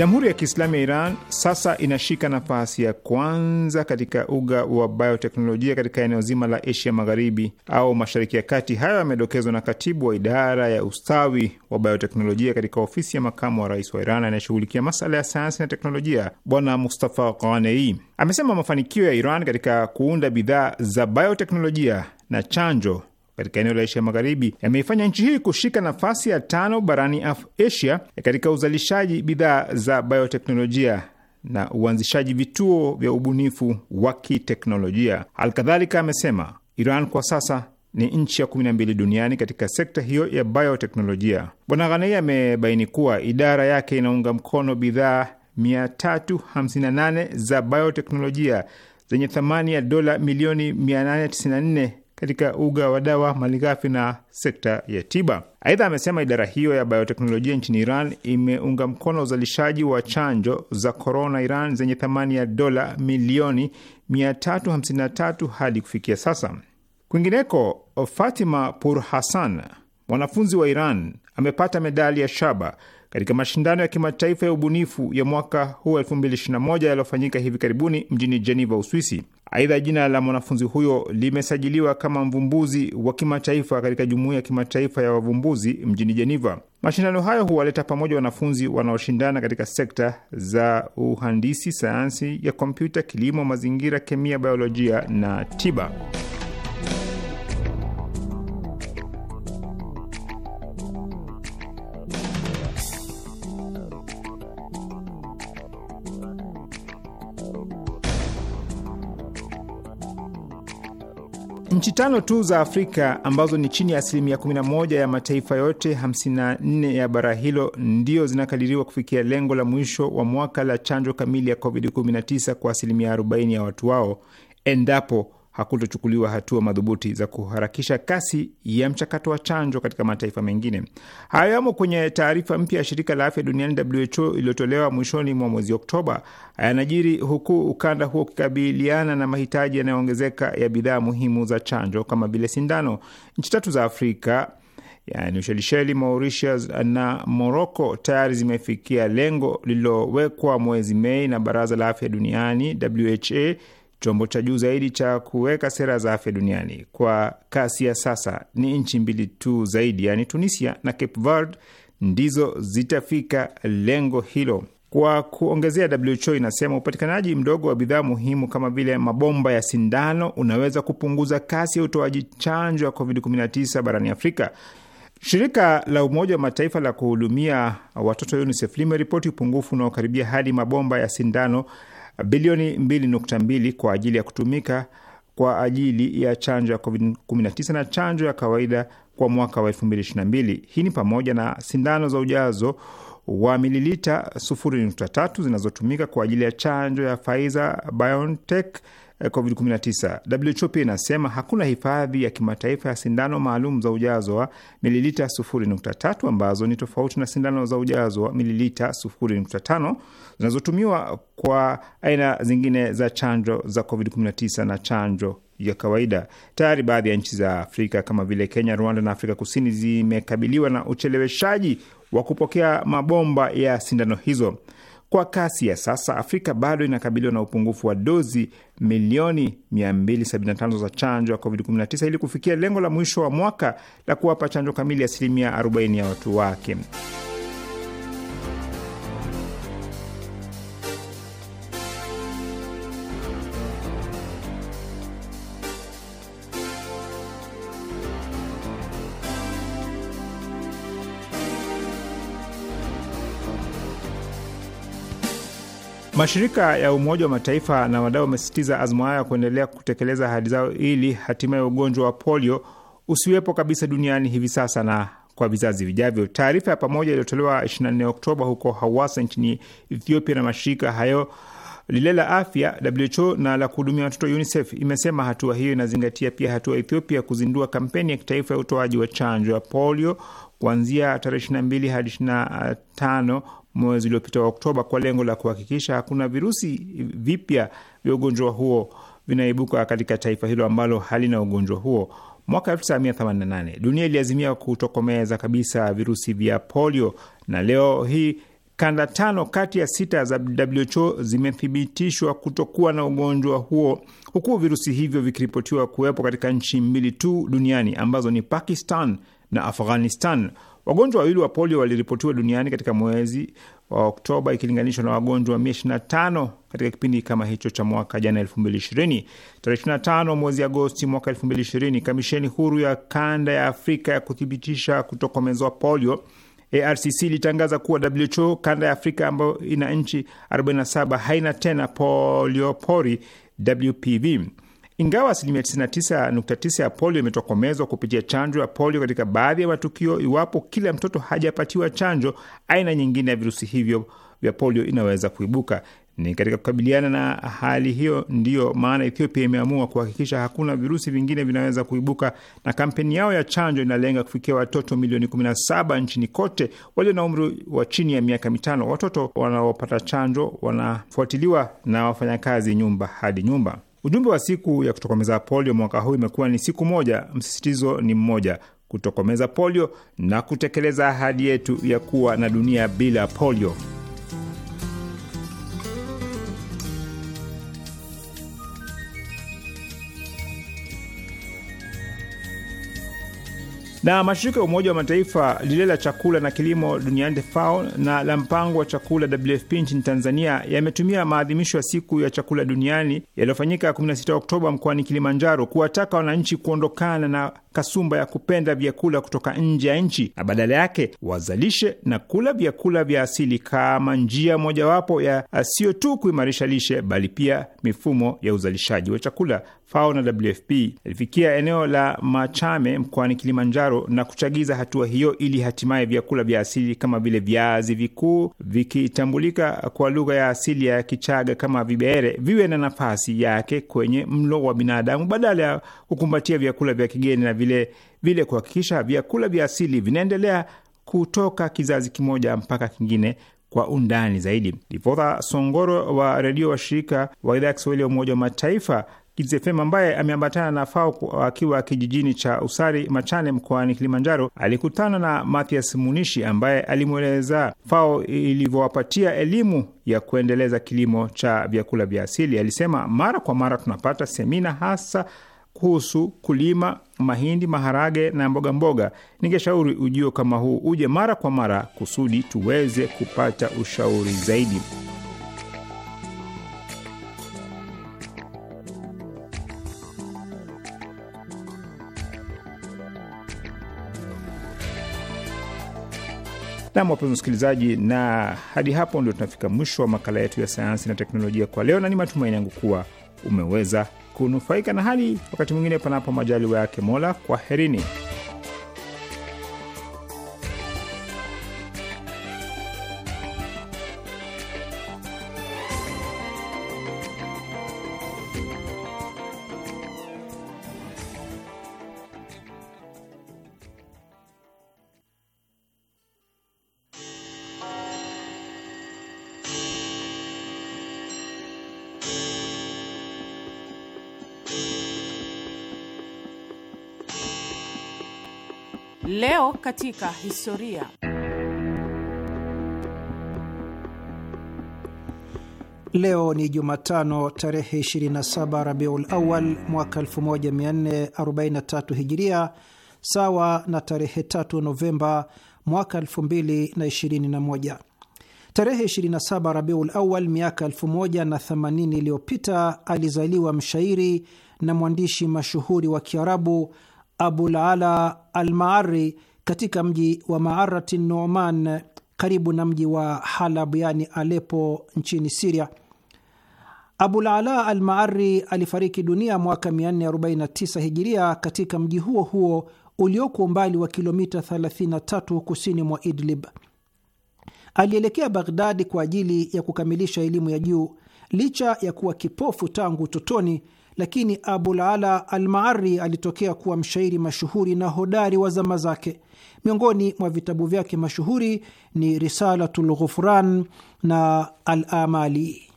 Jamhuri ya Kiislamu ya Iran sasa inashika nafasi ya kwanza katika uga wa bioteknolojia katika eneo zima la Asia Magharibi au Mashariki ya Kati. Hayo yamedokezwa na katibu wa idara ya ustawi wa bioteknolojia katika ofisi ya makamu wa rais wa Iran anayeshughulikia masala ya sayansi na teknolojia, Bwana Mustafa Ghanei amesema mafanikio ya Iran katika kuunda bidhaa za bioteknolojia na chanjo katika eneo la Asia Magharibi yameifanya nchi hii kushika nafasi ya tano barani Asia katika uzalishaji bidhaa za bioteknolojia na uanzishaji vituo vya ubunifu wa kiteknolojia. Alkadhalika amesema Iran kwa sasa ni nchi ya 12 duniani katika sekta hiyo ya bioteknolojia. Bwana Ghanei amebaini kuwa idara yake inaunga mkono bidhaa 358 za bioteknolojia zenye thamani ya dola milioni 894 katika uga wa dawa, malighafi na sekta ya tiba. Aidha, amesema idara hiyo ya bioteknolojia nchini Iran imeunga mkono uzalishaji wa chanjo za korona Iran zenye thamani ya dola milioni 353 hadi kufikia sasa. Kwingineko, Fatima Pur Hassan, mwanafunzi wa Iran, amepata medali ya shaba katika mashindano ya kimataifa ya ubunifu ya mwaka huu 2021 yaliyofanyika hivi karibuni mjini Geneva, Uswisi. Aidha, jina la mwanafunzi huyo limesajiliwa kama mvumbuzi wa kimataifa katika jumuiya ya kimataifa ya wavumbuzi mjini Geneva. Mashindano hayo huwaleta pamoja wanafunzi wanaoshindana katika sekta za uhandisi, sayansi ya kompyuta, kilimo, mazingira, kemia, biolojia na tiba. Nchi tano tu za Afrika ambazo ni chini ya asilimia 11 ya mataifa yote 54 ya bara hilo ndio zinakadiriwa kufikia lengo la mwisho wa mwaka la chanjo kamili ya COVID-19 kwa asilimia 40 ya watu wao endapo hakutochukuliwa hatua madhubuti za kuharakisha kasi ya mchakato wa chanjo katika mataifa mengine. Hayo yamo kwenye taarifa mpya ya shirika la afya duniani WHO iliyotolewa mwishoni mwa mwezi Oktoba. Yanajiri huku ukanda huo ukikabiliana na mahitaji yanayoongezeka ya bidhaa muhimu za chanjo kama vile sindano. Nchi tatu za Afrika yani Ushelisheli, Mauritius na Moroko tayari zimefikia lengo lililowekwa mwezi Mei na Baraza la Afya Duniani, WHA chombo cha juu zaidi cha kuweka sera za afya duniani. Kwa kasi ya sasa ni nchi mbili tu zaidi, yaani Tunisia na Cape Verde ndizo zitafika lengo hilo. Kwa kuongezea, WHO inasema upatikanaji mdogo wa bidhaa muhimu kama vile mabomba ya sindano unaweza kupunguza kasi ya utoaji chanjo ya COVID-19 barani Afrika. Shirika la Umoja wa Mataifa la kuhudumia watoto UNICEF limeripoti upungufu unaokaribia hadi mabomba ya sindano bilioni 2.2 kwa ajili ya kutumika kwa ajili ya chanjo ya COVID-19 na chanjo ya kawaida kwa mwaka wa 2022. Hii ni pamoja na sindano za ujazo wa mililita 0.3 zinazotumika kwa ajili ya chanjo ya Pfizer BioNTech Eh, COVID-19. WHO pia inasema hakuna hifadhi ya kimataifa ya sindano maalum za ujazo wa mililita 0.3 ambazo ni tofauti na sindano za ujazo wa mililita 0.5 zinazotumiwa kwa aina zingine za chanjo za COVID-19 na chanjo ya kawaida. Tayari baadhi ya nchi za Afrika kama vile Kenya, Rwanda na Afrika Kusini zimekabiliwa na ucheleweshaji wa kupokea mabomba ya sindano hizo. Kwa kasi ya sasa, Afrika bado inakabiliwa na upungufu wa dozi milioni 275 za chanjo ya COVID-19 ili kufikia lengo la mwisho wa mwaka la kuwapa chanjo kamili asilimia 40 ya watu wake. Mashirika ya Umoja wa Mataifa na wadau wamesisitiza azma yao ya kuendelea kutekeleza ahadi zao ili hatimaye ugonjwa wa polio usiwepo kabisa duniani hivi sasa na kwa vizazi vijavyo. Taarifa ya pamoja iliyotolewa 24 Oktoba huko Hawasa nchini Ethiopia na mashirika hayo lile la afya WHO na la kuhudumia watoto UNICEF imesema hatua hiyo inazingatia pia hatua ya Ethiopia kuzindua kampeni ya kitaifa ya utoaji wa chanjo ya polio kuanzia tarehe 22 hadi 25 mwezi uliopita wa Oktoba kwa lengo la kuhakikisha hakuna virusi vipya vya ugonjwa huo vinaibuka katika taifa hilo ambalo halina ugonjwa huo. Mwaka 1988 dunia iliazimia kutokomeza kabisa virusi vya polio, na leo hii kanda tano kati ya sita za WHO zimethibitishwa kutokuwa na ugonjwa huo, huku virusi hivyo vikiripotiwa kuwepo katika nchi mbili tu duniani ambazo ni Pakistan na Afghanistan. Wagonjwa wawili wa polio waliripotiwa duniani katika mwezi wa Oktoba ikilinganishwa na wagonjwa 125 katika kipindi kama hicho cha mwaka jana 2020. Tarehe 25 mwezi Agosti mwaka 2020, kamisheni huru ya kanda ya Afrika ya kuthibitisha kutokomezwa polio ARCC ilitangaza kuwa WHO kanda ya Afrika ambayo ina nchi 47 haina tena poliopori WPV. Ingawa asilimia 99.9 ya polio imetokomezwa kupitia chanjo ya polio katika baadhi ya matukio, iwapo kila mtoto hajapatiwa chanjo, aina nyingine ya virusi hivyo vya polio inaweza kuibuka. Ni katika kukabiliana na hali hiyo ndiyo maana Ethiopia imeamua kuhakikisha hakuna virusi vingine vinaweza kuibuka, na kampeni yao ya chanjo inalenga kufikia watoto milioni 17 nchini kote walio na umri wa chini ya miaka mitano. Watoto wanaopata chanjo wanafuatiliwa na wafanyakazi nyumba hadi nyumba. Ujumbe wa siku ya kutokomeza polio mwaka huu imekuwa ni siku moja, msisitizo ni mmoja, kutokomeza polio na kutekeleza ahadi yetu ya kuwa na dunia bila polio. Na mashirika ya Umoja wa Mataifa, lile la chakula na kilimo duniani FAO na la mpango wa chakula WFP nchini Tanzania yametumia maadhimisho ya siku ya chakula duniani yaliyofanyika 16 Oktoba mkoani Kilimanjaro kuwataka wananchi kuondokana na kasumba ya kupenda vyakula kutoka nje ya nchi na badala yake wazalishe na kula vyakula vya asili kama njia mojawapo ya eh, sio tu kuimarisha lishe bali pia mifumo ya uzalishaji wa chakula. FAO na WFP ilifikia eneo la Machame mkoani Kilimanjaro na kuchagiza hatua hiyo ili hatimaye vyakula vya asili kama vile viazi vikuu vikitambulika kwa lugha ya asili ya Kichaga kama vibere viwe na nafasi yake kwenye mlo wa binadamu badala ya kukumbatia vyakula vya kigeni na vile vile kuhakikisha vyakula vya asili vinaendelea kutoka kizazi kimoja mpaka kingine kwa undani zaidi. Lipotha Songoro wa redio wa shirika wa idhaa ya Kiswahili ya Umoja wa Mataifa Kizefem ambaye ameambatana na fao akiwa kijijini cha Usari Machane mkoani Kilimanjaro alikutana na Mathias Munishi ambaye alimweleza fao ilivyowapatia elimu ya kuendeleza kilimo cha vyakula vya asili. Alisema mara kwa mara tunapata semina hasa kuhusu kulima mahindi, maharage na mboga mboga. Ningeshauri ujio kama huu uje mara kwa mara kusudi tuweze kupata ushauri zaidi. Nam, wapenzi msikilizaji, na hadi hapo ndio tunafika mwisho wa makala yetu ya sayansi na teknolojia kwa leo, na ni matumaini yangu kuwa umeweza kunufaika. Na hadi wakati mwingine, panapo majaliwa yake Mola, kwaherini. katika historia. Leo ni Jumatano tarehe 27 Rabiul Awal mwaka 1443 Hijiria, sawa na tarehe 3 Novemba mwaka 2021. Tarehe 27 Rabiul Awal miaka 1080 iliyopita alizaliwa mshairi na mwandishi mashuhuri wa Kiarabu Abul Ala Almaari katika mji wa Maarati Noman karibu na mji wa Halab yani Alepo nchini Siria. Abul Ala al Maari alifariki dunia mwaka 449 hijiria katika mji huo huo ulioko umbali wa kilomita 33 kusini mwa Idlib. Alielekea Baghdadi kwa ajili ya kukamilisha elimu ya juu. Licha ya kuwa kipofu tangu utotoni, lakini Abul Ala Almaari alitokea kuwa mshairi mashuhuri na hodari wa zama zake. Miongoni mwa vitabu vyake mashuhuri ni Risalatu Ghufran na alamali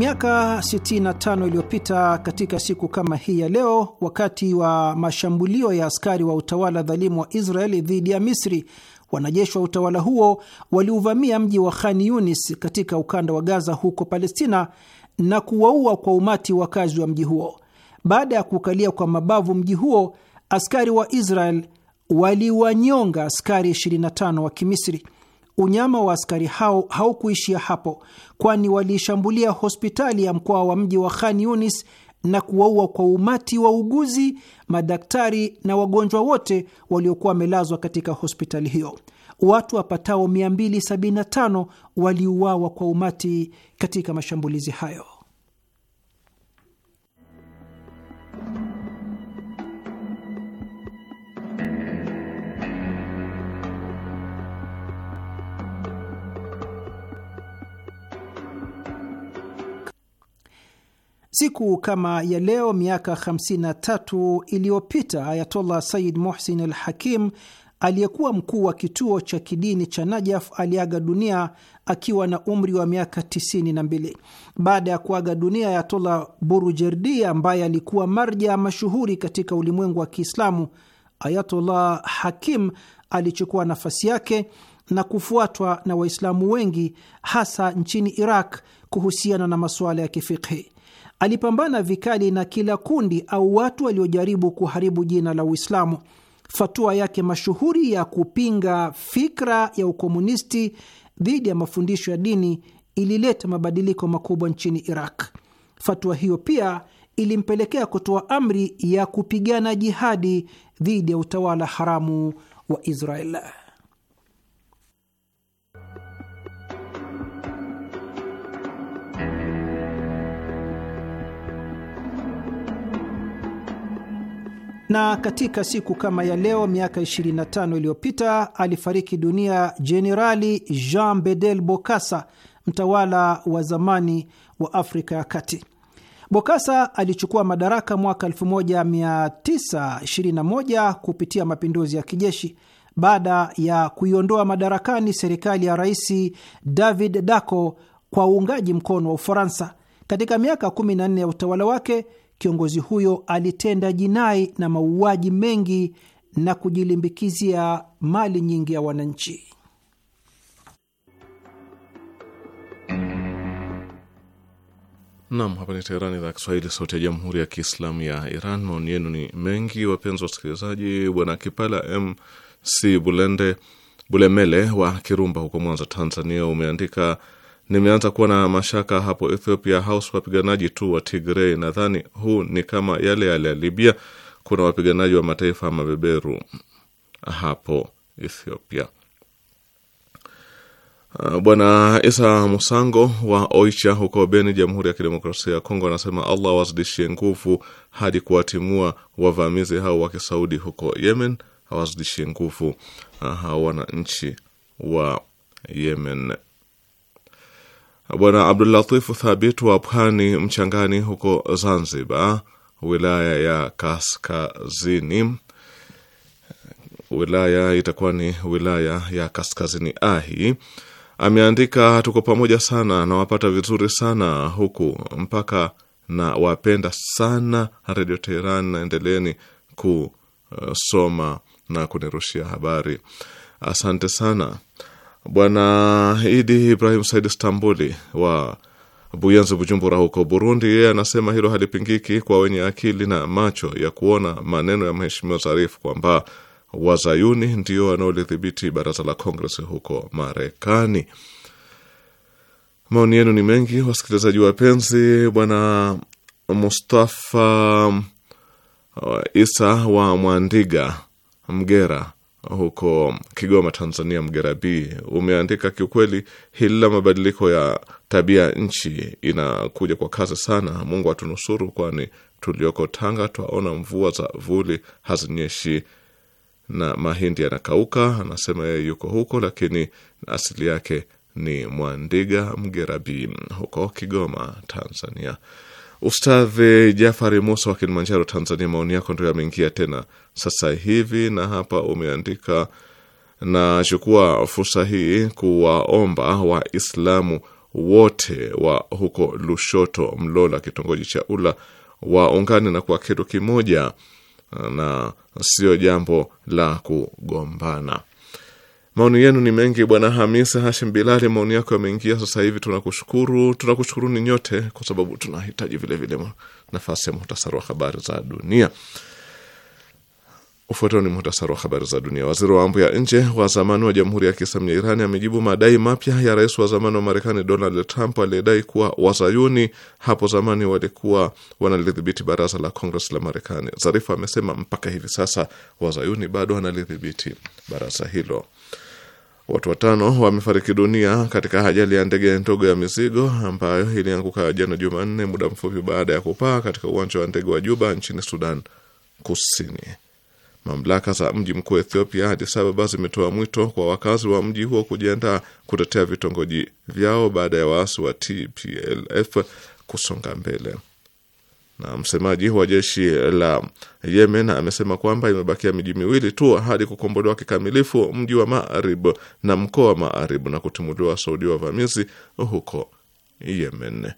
Miaka 65 iliyopita katika siku kama hii ya leo, wakati wa mashambulio ya askari wa utawala dhalimu wa Israeli dhidi ya Misri, wanajeshi wa utawala huo waliuvamia mji wa Khan Yunis katika ukanda wa Gaza huko Palestina na kuwaua kwa umati wakazi wa mji huo. Baada ya kukalia kwa mabavu mji huo, askari wa Israel waliwanyonga askari 25 wa Kimisri. Unyama wa askari hao haukuishia hapo, kwani waliishambulia hospitali ya mkoa wa mji wa Khan Yunis na kuwaua kwa umati wa uguzi madaktari na wagonjwa wote waliokuwa wamelazwa katika hospitali hiyo. Watu wapatao 275 waliuawa kwa umati katika mashambulizi hayo. Siku kama ya leo miaka 53 iliyopita Ayatollah Said Muhsin al Hakim aliyekuwa mkuu wa kituo cha kidini cha Najaf aliaga dunia akiwa na umri wa miaka 92. Baada ya kuaga dunia Ayatollah Burujerdi, ambaye alikuwa marja mashuhuri katika ulimwengu wa Kiislamu, Ayatollah Hakim alichukua nafasi yake na kufuatwa na Waislamu wengi hasa nchini Iraq kuhusiana na masuala ya kifikhi. Alipambana vikali na kila kundi au watu waliojaribu kuharibu jina la Uislamu. Fatua yake mashuhuri ya kupinga fikra ya ukomunisti dhidi ya mafundisho ya dini ilileta mabadiliko makubwa nchini Iraq. Fatua hiyo pia ilimpelekea kutoa amri ya kupigana jihadi dhidi ya utawala haramu wa Israel. na katika siku kama ya leo miaka 25 iliyopita alifariki dunia Jenerali Jean Bedel Bokassa, mtawala wa zamani wa Afrika ya Kati. Bokassa alichukua madaraka mwaka 1921 kupitia mapinduzi ya kijeshi baada ya kuiondoa madarakani serikali ya Rais David daco kwa uungaji mkono wa Ufaransa. Katika miaka 14 ya utawala wake kiongozi huyo alitenda jinai na mauaji mengi na kujilimbikizia mali nyingi ya wananchi. Nam, hapa ni Teherani, idhaa ya Kiswahili, sauti ya jamhuri ya kiislamu ya Iran. Maoni yenu ni mengi, wapenzi wasikilizaji. Bwana Kipala Mc Bulende Bulemele wa Kirumba huko Mwanza, Tanzania, umeandika Nimeanza kuwa na mashaka hapo Ethiopia, haus wapiganaji tu wa Tigrei. Nadhani huu ni kama yale yale ya Libya, kuna wapiganaji wa mataifa ya mabeberu hapo Ethiopia. Ah, Bwana Isa Musango wa Oicha huko Beni, Jamhuri ya Kidemokrasia ya Kongo, anasema Allah awazidishie nguvu hadi kuwatimua wavamizi hao wa kisaudi huko Yemen. Awazidishie nguvu ah, hao wananchi wa Yemen. Bwana Abdulatifu Thabit wa Pwani Mchangani huko Zanzibar, wilaya ya Kaskazini. Wilaya itakuwa ni wilaya ya Kaskazini Ahi. Ameandika, tuko pamoja sana, nawapata vizuri sana huku mpaka na wapenda sana Redio Teheran, naendeleeni kusoma na kunirushia habari. Asante sana. Bwana Idi Ibrahim Said Stambuli wa Buyanzi, Bujumbura huko Burundi, yeye anasema hilo halipingiki kwa wenye akili na macho ya kuona maneno ya mheshimiwa Zarifu kwamba wazayuni ndio wanaolidhibiti baraza la Kongres huko Marekani. Maoni yenu ni mengi, wasikilizaji wapenzi. Bwana Mustafa uh, Isa wa Mwandiga, Mgera huko Kigoma, Tanzania, mgerabi umeandika kiukweli, hili la mabadiliko ya tabia nchi inakuja kwa kasi sana. Mungu atunusuru, kwani tulioko Tanga twaona mvua za vuli hazinyeshi na mahindi yanakauka. Anasema yeye yuko huko, lakini asili yake ni Mwandiga Mgerabii huko Kigoma, Tanzania. Ustadh Jafari Musa wa Kilimanjaro, Tanzania, maoni yako ndio yameingia tena sasa hivi, na hapa umeandika, nachukua fursa hii kuwaomba Waislamu wote wa huko Lushoto, Mlola, kitongoji cha Ula, waungane na kuwa kitu kimoja, na sio jambo la kugombana. Maoni yenu ni mengi, Bwana Hamisa Hashim Bilali, maoni yako yameingia sasa hivi, tunakushukuru. tunakushukuru ni nyote kwa sababu tunahitaji vilevile nafasi ya muhtasari wa habari za dunia. Ufuatao ni muhtasari wa habari za dunia. Waziri wa mambo ya nje wa zamani wa Jamhuri ya Kiislamu ya Irani amejibu madai mapya ya rais wa zamani wa Marekani Donald Trump aliyedai kuwa wazayuni hapo zamani walikuwa wanalidhibiti baraza la Kongres la Marekani. Zarifa amesema mpaka hivi sasa wazayuni bado wanalidhibiti baraza hilo. Watu watano wamefariki dunia katika ajali ya ndege ndogo ya mizigo ambayo ilianguka jana Jumanne, muda mfupi baada ya kupaa katika uwanja wa ndege wa Juba nchini Sudan Kusini. Mamlaka za mji mkuu wa Ethiopia, Addis Ababa, zimetoa mwito kwa wakazi wa mji huo kujiandaa kutetea vitongoji vyao baada ya waasi wa TPLF kusonga mbele. Na msemaji wa jeshi la Yemen amesema kwamba imebakia miji miwili tu hadi kukombolewa kikamilifu mji wa Marib na mkoa wa Marib na kutimuliwa Saudi wavamizi huko Yemen.